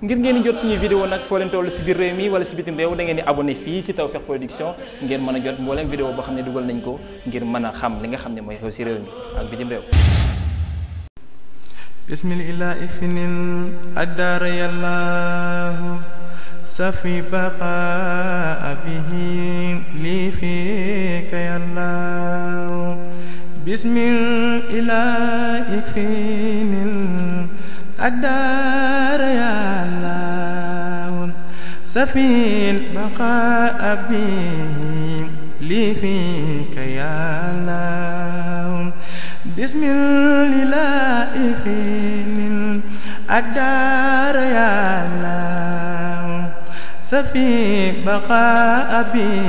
ngir ngeen jot suñuy vidéo nag foo leen toll si biir réew mi wala si bitim réew da ngeen di abonné fii si Tawfekh Production ngeen mën a jot mbooleem vidéo boo xam ne dugal nañ ko ngir mën a xam li nga xam ne mooy xew si réew mi ak bitim réew bismillahi finil addaara yallaahu safi baqa bihi lii fika yallaahu bismillahi finil addaara سفي البقاء به لي فيك يا الله بسم الله في الأدار يا الله سفي بقاء به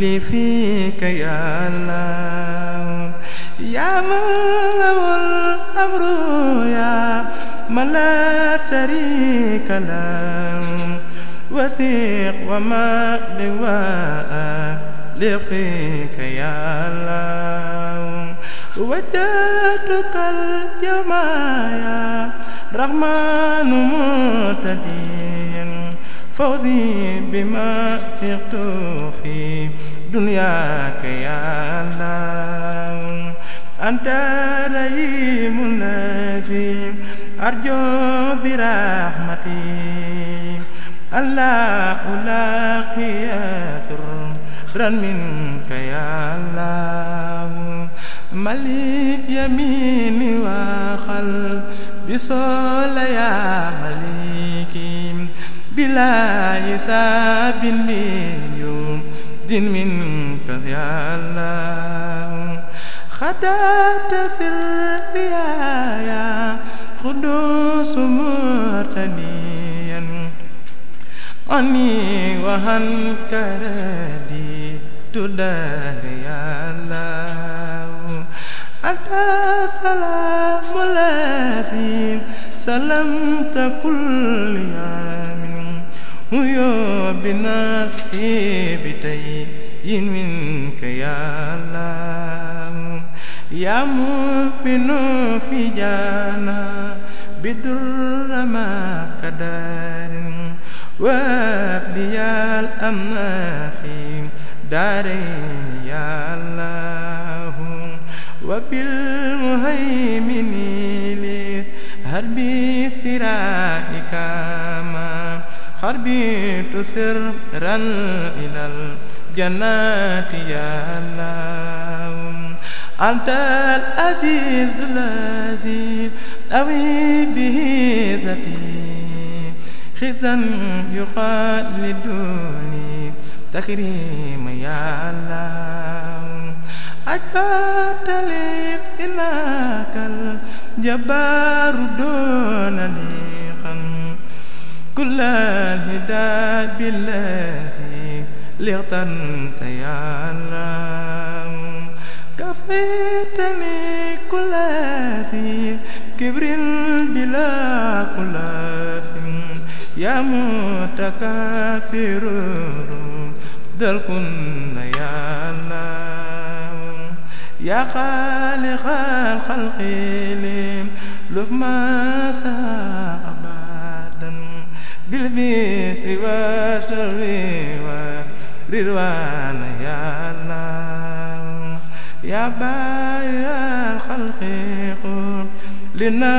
لي فيك يا الله يا من له الأمر يا من لا شريك له wasiq wa ma liwaa liqika ya Allah wajadtuka al-yawma ya rahman muhtadin fawzi bima siqtu fi dunyaka ya Allah anta rahimun lazim arju bi rahmatik ألا ألاقي درا منك يا الله مليك يميني وقلبي صلى يا مليكي بلا حساب ليوم دين منك يا الله خدعت سري يا قدوس مرتني ani wahan karadi tudari ata salamul salamta kull yamin huyo binafsi bitayyin minka ya Allah ya ma kadari وابليال أمنا في دارين يا الله وبالمهيمن ليس هرب استرائك ما خربت سرا إلى الجنات يا الله أنت العزيز العزيز أوي به ذاتي خذا يقلدني تكريم يا الله أجبت لي إنك الجبار دون ليقا كل الهدى بالذي لغتنت يا الله كفيتني كل ذي كبر بلا قلال يا متكبر دل كن يا الله يا خالق الخلق لم لف ما ساء أبدا بالبيث والشر والرضوان يا الله يا بارئ الخلق قل لنا